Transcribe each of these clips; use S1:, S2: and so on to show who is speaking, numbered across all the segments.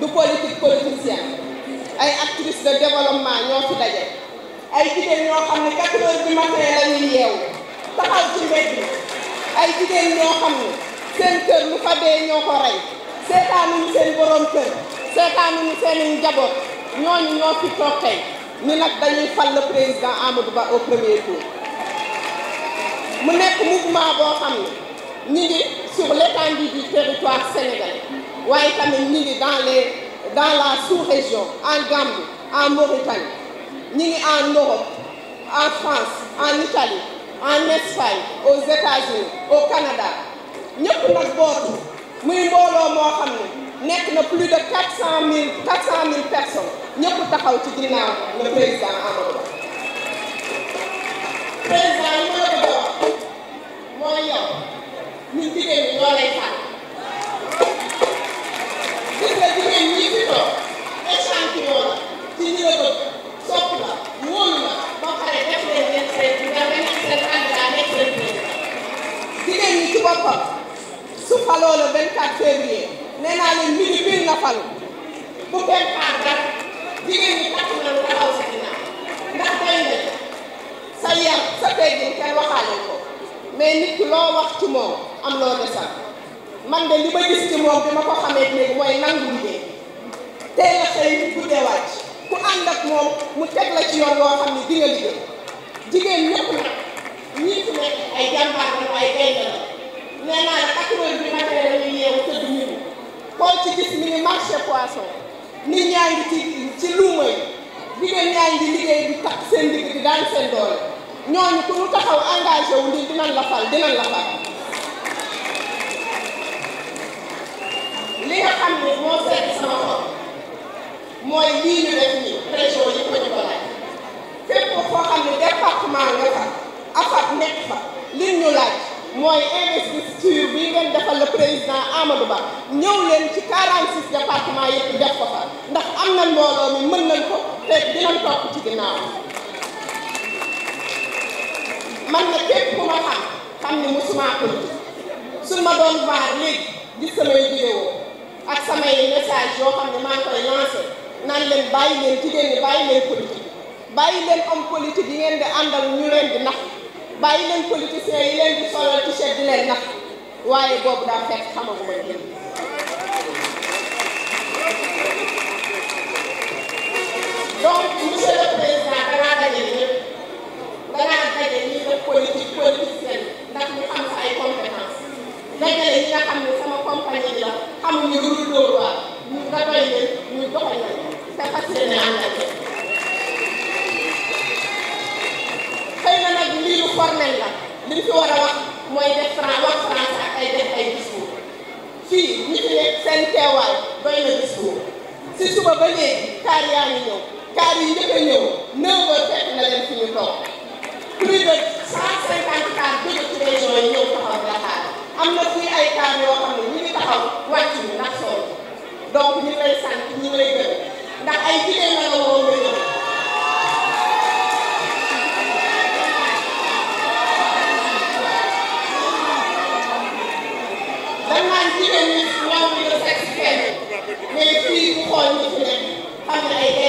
S1: du politique politicienne ay actrices de développement ñoo fi daje ay jigéen ñoo xam ne quatre heures du matin la ñuy yeewu taxaw ay jigéen ñoo xam ne seen kër lu fa dee ñoo ko rey seetaanuñu seen borom kër seetaanuñu seen i njaboot ñooñu ñoo fi toog tey nag dañuy fal le président Amadou Ba au premier mu nekk mouvement boo xam ne ñu ngi sur l'étendue du territoire sénégalais waaye tamit ñi ngi dans les dans la sous-région en Gambie en Mauritanie ñi ngi en Europe en France en Italie en Espagne aux États-Unis au Canada ñëpp nag bootu muy mbooloo moo xam ne nekk na plus de personnes ñëpp taxaw ci ginnaaw le président Amadou Ba président loo man de li ma gis ci moom bi ma ko xamee léegi mooy nangu liggéey teel a xëy guddee wàcc ku ànd ak moom mu teg la ci yoon loo xam ne di liggéey jigéen ñëpp nag ñii fi nekk ay jàmbaar lañu ay gaynde bi jigéen ñaa ngi liggéey di takk seen digg di daan seen doole ñooñu ku mu taxaw engagé wu ndi dinañ la fal dinañ la fal xam ne moo a ñu ko laaj fépp foo le ndax am na mbooloo mi mën ko te dinañ ci ginnaaw man na képp ku ma xam xam ne musuma politique su ma doon vaar léegi gis samay vidéo ak samay message yoo xam ne maa ngi koy lancé naan leen bàyyi leen jigéen ñi bàyyi leen politique bàyyi leen homme politique yi ngeen di àndal ñu leen di nax bàyyi leen politiciens yi leen di solal t-shirt di leen nax waaye boobu daa fekk xamaguma leen donc monsieur le président danaa daje ñëpp danaa daje ñi def politique politicienne dajale ñi nga xam ne sama compagnie bi la xamuñu lu dul Dóor waar ñu nga doy leen ñu doxal leen te fas yéene ànd ak xëy na nag lii lu formel la liñ fi war a wax mooy def fran wax français ak ay def ay discours fii ñu fi ne seen teewaay doy na discours si suba ba léegi kaar yaa ngi ñëw kaar yi njëkk a ñëw neuf heures fekk na leen fi ñu toog plus de cent cinquante kaar jóge ci région yi ñëw taxaw am na fii ay kaar yoo xam ne ñu taxaw wàcc ñu ndax sool donc ñu ngi lay sant ñu ngi lay gërëm ndax ay jigéen la nga woo ngay ñëw dañ naan jigéen ñi ñoom ñu ngi mais fii ku xool ñu fi ne xam ne ay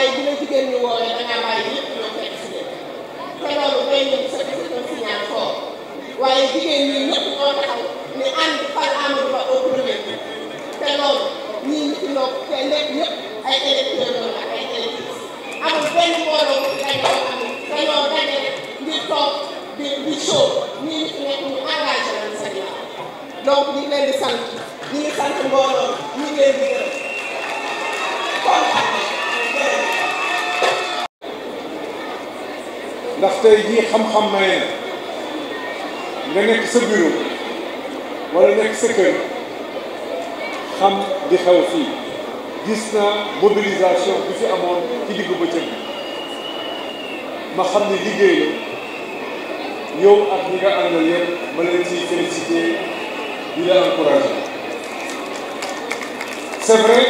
S1: waaye bi la jigéen ñi woowee da ngaa bàyyi yëpp ñoo fekk si leen te loolu day ñëw sa def un signal fort waaye jigéen ñi ñëpp ñoo taxaw ni ànd par Amadou Ba au premier te loolu ñii ñu ci ndokk te lépp ñëpp ay électeurs loolu ak ay électrices amul benn mbooloo bu dañoo amul dañoo daje ngir toog di di show ñii ñu ci nekk ñu engagé lañ sa ginnaaw donc ñu ngi leen di sant ñu ngi sant mbooloo ñu ngi leen di gërëm
S2: ndax yi jii xam-xam maye na nga nekk sa bureau wala nekk sa xam di xew fii gis naa mobilisation bi fi amoon ci diggu bëccëg bi ma xam ni liggéey la yow ak ñi nga àndal yëpp ma leen ciy félicité di la encouragé c'est vrai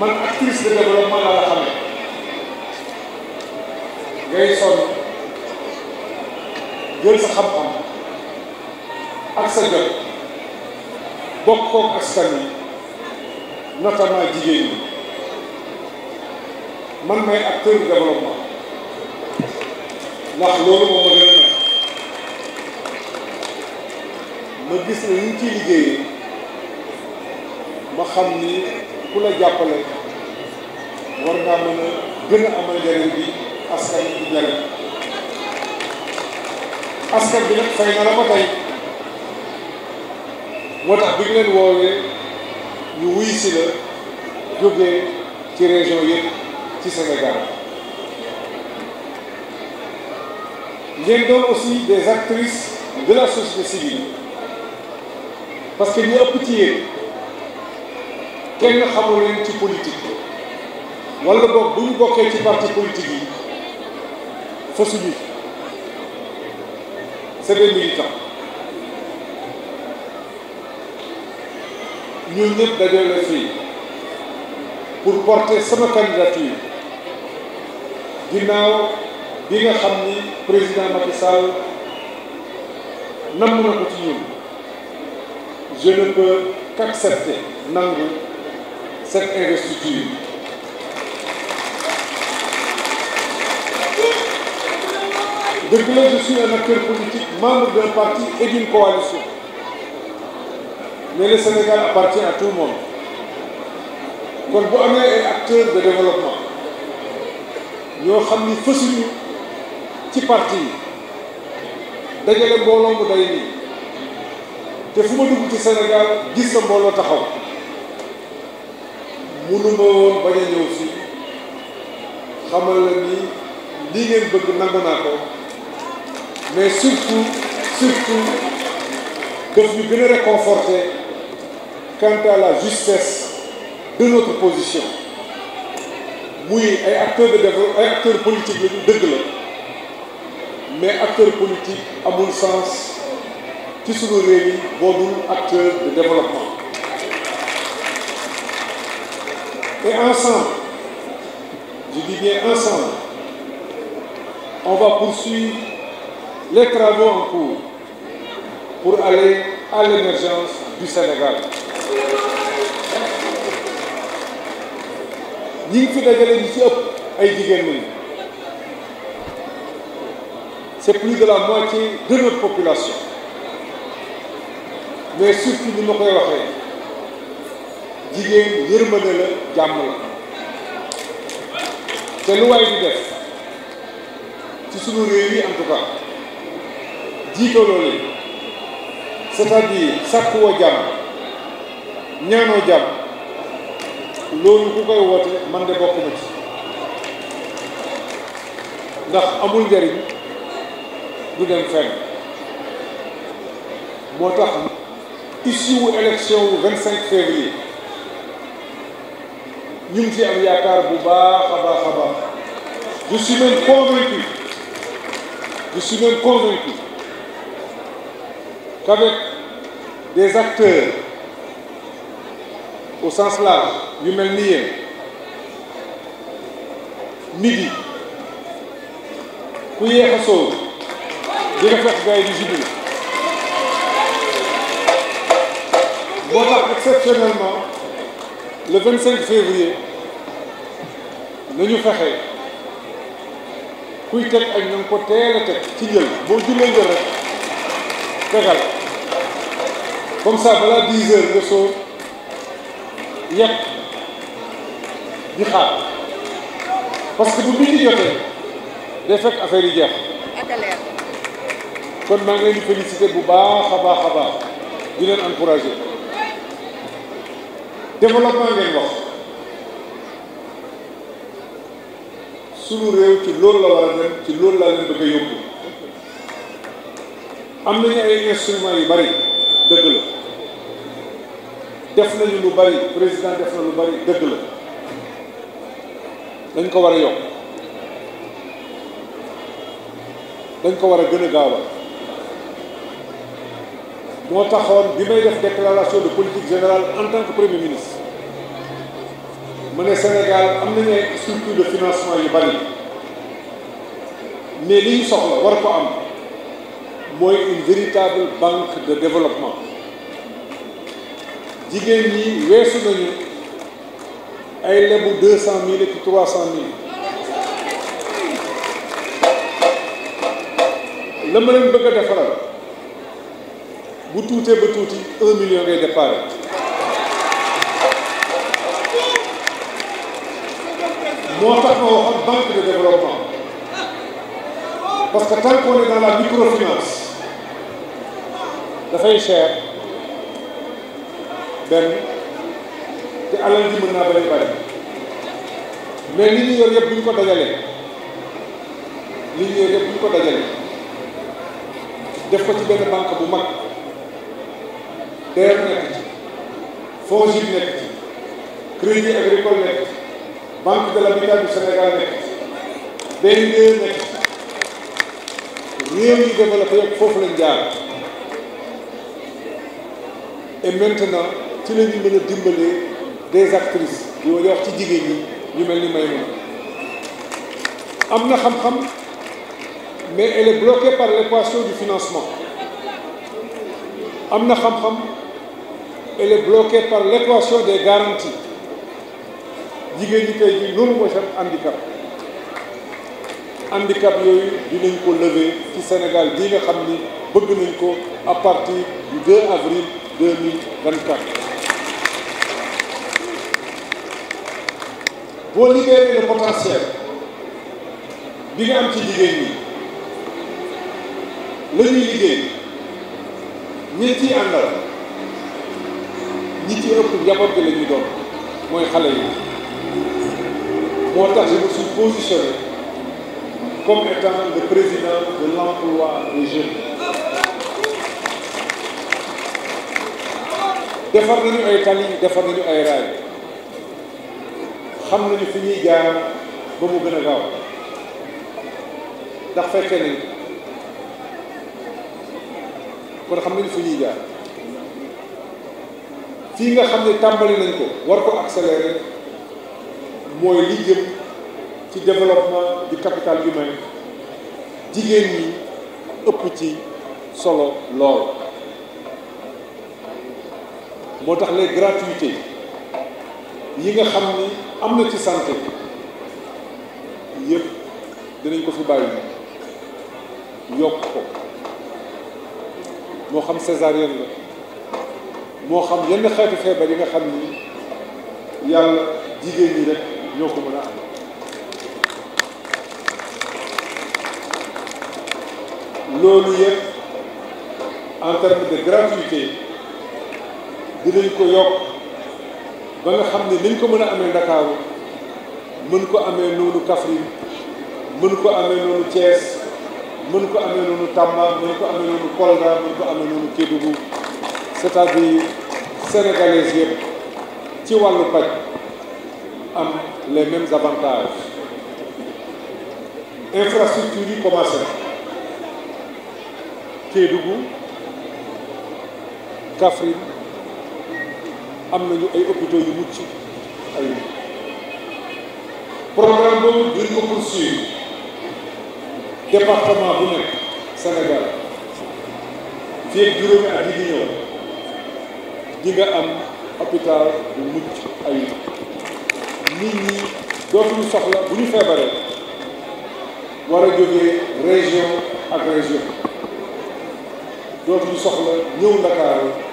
S2: man actrice de développement laa la xamee ngay sonn jël sa xam-xam ak sa jot bokk kook askan yi notamment jigéen ñi man may acteur du développement ndax loolu moom ma gën ma gis ne ñu ciy liggéeyee ma xam ni ku la jàppale war ngaa mën a gën a amal njëriñ bi askan bi bi nag fay na la ko tey moo tax bi ñu leen woowee yu wuy si la jógee ci région yëpp ci Sénégal ngeen doon aussi des actrices de la société civile parce que ñu ëpp ci yéen kenn xamul leen ci politique wala boog bu ñu bokkee ci parti politique yi force vive, c'est des militants ñun ñëpp dajoo pour porter sama candidature ginnaaw bi nga xam ni président Macky Sall namm na ko ci ñun je ne peux qu'accepter nangu cette investiture. dëgg la je suis un acteur politique membre d'un parti et d'une coalition mais le Sénégal appartient à kon bu amee ay acteurs de développement ñoo xam ni fësuñu ci parti yi dajale mbooloo mu day nii te fu ma dugg ci Sénégal gis sa mbooloo taxaw mënuma woon bañ a ñëw fii xamal la lii ngeen bëgg nangu naa ko mais surtout surtout daf ñu gën quant à la justesse de notre position muy ay acteurs de développement ay acteurs politiques la ñu acteur politique amul sens ci suñu réew yi boo dul acteur de développement et ensemble je dis bien ensemble on va poursuivre les travaux en cours pour aller à l'émergence du Sénégal ñi ngi fi dajale ñi ëpp ay jigéen ñi c'est plus de la moitié de notre population mais surtout ni ma koy waxee jigéen yërmande la jàmm la te lu waay di def ci sunu réew yi en jiitaloo leen c'est-à-dire sàkkuwoo jàmm ñaanoo jàmm loolu ku koy woote man de bokk na ci ndax amul njariñ du dem fenn moo tax issue wu wu vingt cinq février ñu ngi ci am yaakaar bu baax a baax a baax je suis même convaincu je suis qu'avec des acteurs au sens large yu mel ni yéen midi ku yéex a soow di nga fekk gars yi di moo tax exceptionnellement le 25 février nañu fexe kuy teg ak na nga ko teel a teg ci boo jullee njël rek tegal comme ça balaa 10 heures nga soo yekk di xaar parce que bu midi jotee day fekk affaire yi jeex kon maa ngi leen bu baax a baax a baax di leen encourager développement ngeen wax sunu réew ci loolu la war a ci loolu laa leen yóbbu am nañu ay instruments yu bari dëgg la def nañu lu bari président def na lu bari dëgg la dañ ko war a yokk dañ ko war a gën a gaawal moo taxoon bi may def déclaration de politique générale en tant que premier ministre ma ne Sénégal am nañu ay structure de financement yu bari mais li ñu soxla war ko am mooy une véritable banque de développement jigéen ñi weesu nañu ay lebu deux cent mille et trois cent mille la ma leen bëgg a defaral bu tuutee ba tuuti un million ngay départ moo tax ma waxoon banque de développement parce que tant qu'on est la microfinance dafay cher benn te alal ji mën naa bëri bëri mais li yëpp bu ko dajalee li ñu yëpp bu ñu ko dajalee def ko ci benn banque bu mag DER nekk ci FONGIP nekk ci Crédit Agricole nekk Banque de l'Habitat du Sénégal nekk ci BNDE nekk ci réew yi développé yëpp foofu lañ jaar et maintenant ci la ñu mën a dimbalee des actrices ñu wax ci jigéen ñi ñu mel ni Maïmouna am na xam-xam mais elle est bloquée par l'équation du financement am na xam-xam elle est bloquée par l'équation des garanties jigéen ñi tey jii loolu mooy seen handicap handicap yooyu dinañ ko lever ci Sénégal bii nga xam ni bëgg nañ ko à partir du avril boo libéré le potentiel bi nga am ci liggéey ñi la ñuy liggéey ñi ciy àndal ñi ci ëpp njaboot gi la ñuy mooy xale yi moo tax je me suis positionné comme étant le président de l'emploi des jeunes defar nañu ay tali defar nañu ay raay xam nañu fi ñuy jaar ba mu gën a gaaw ndax fekkee nañ kon xam nañu fi ñuy jaar fii nga xam ne tàmbali nañ ko war ko accélérer mooy li jëm ci développement du capital humain jigéen ñi ëpp ci solo lool moo tax les gratuités yi nga xam ni am na ci santé yëpp dinañ ko fi bàyyi yokk ko moo xam césarienne la moo xam yenn xeetu feebar yi nga xam ni yàlla jigéen ñi rek ñoo ko mën a am loolu yëpp en termes de gratuité dinañ ko yokk ba xam ne niñ ko mën a amee Ndakaaru mën ko amee noonu Kaffrine mën ko amee noonu Thiès mën ko amee noonu Tamba mën ko amee noonu Kolda mën ko amee noonu Kédougou c'est-à-dire sénégalais yëpp ci wàllu paj am les mêmes avantages infrastructure yi commencé Kédougou Kaffrine am nañu ay hôpitaux yu mucc ay programme boobu duñ ko poursuivre département bu nekk Sénégal fii juróomi at yi ñëw di nga am hôpital bu mucc ay nit ñi dootuñu soxla bu ñu feebaree war a jógee région ak région dootuñu soxla ñëw Ndakaaru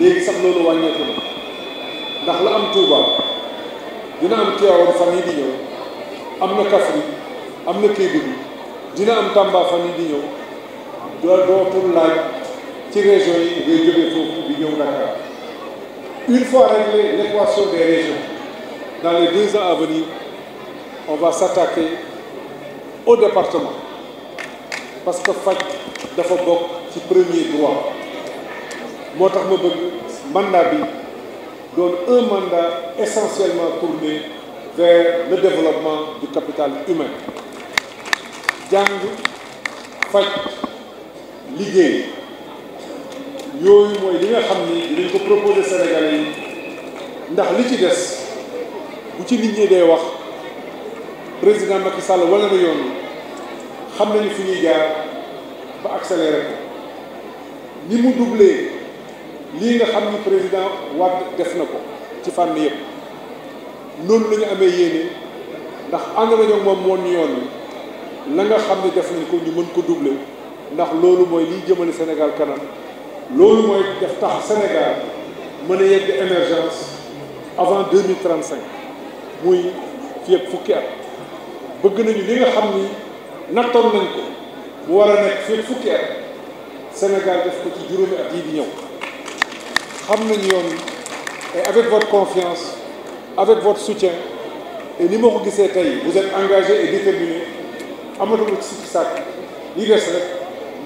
S2: léegi sax loolu wàññeeku na ndax la am Touba dina am Tivaouane fan yii di ñëw am na Kaffrine am na Kédougou dina am Tamba fan yii di ñëw doo dootul laaj ci région yi ngay jógee foofu di ñëw Dakar une fois réglée l'équation des régions dans les deux ans à on va s'attaquer au département parce que faj dafa bokk ci premier droit moo tax ma bëgg mandat bi doon un mandat essentiellement tourné vers le développement du capital humain jàng faj liggéey yooyu mooy li nga xam ni dinañ ko proposé Sénégalais yi ndax li ci des bu ci nit ñi dee wax président Macky Sall wala na yoon xam nañu fi ñuy jaar ba accéléré ko ni mu doublé lii nga xam ni président Wade def na ko ci fànn yëpp noonu lañu ñu amee yéene ndax ànd nañu moom woon yoon la nga xam ne def nañ ko ñu mën ko doubler ndax loolu mooy liy jëmale Sénégal kanam loolu mooy def tax Sénégal mën a yegg émergence avant deux mille trente cinq muy fii ak fukki at bëgg nañu li nga xam ni nattoon nañ ko mu war a nekk fii ak fukki at Sénégal def ko ci juróomi at yii di ñëw. xam nañu yoon wi et avec votre confiance avec votre soutien et ni ma ko gisee tey vous êtes engagé et déterminé amatuma ci sikki sàkk li des rek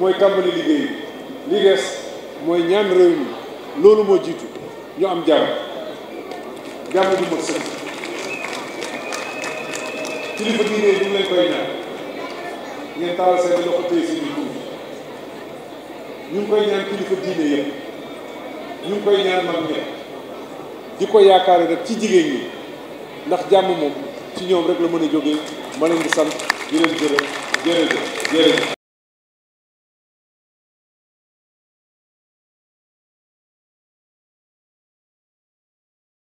S2: mooy tàmbali liggéey lii des mooy ñaan réew mi loolu moo jiitu ñu am jàmm jàmm ju mat sëkk kilifa diine ñu ngi leen koy ñaan ngeen taal seen loxo tey si ñu ngi koy ñaan kilifa diine yëpp ñu ngi koy ñaan mag ñi di ko yaakaare rek ci jigéen ñi ndax jàmm moom ci ñoom rek la mën a jóge ma leen di sant di leen gërëm jërëjëf jërëjëf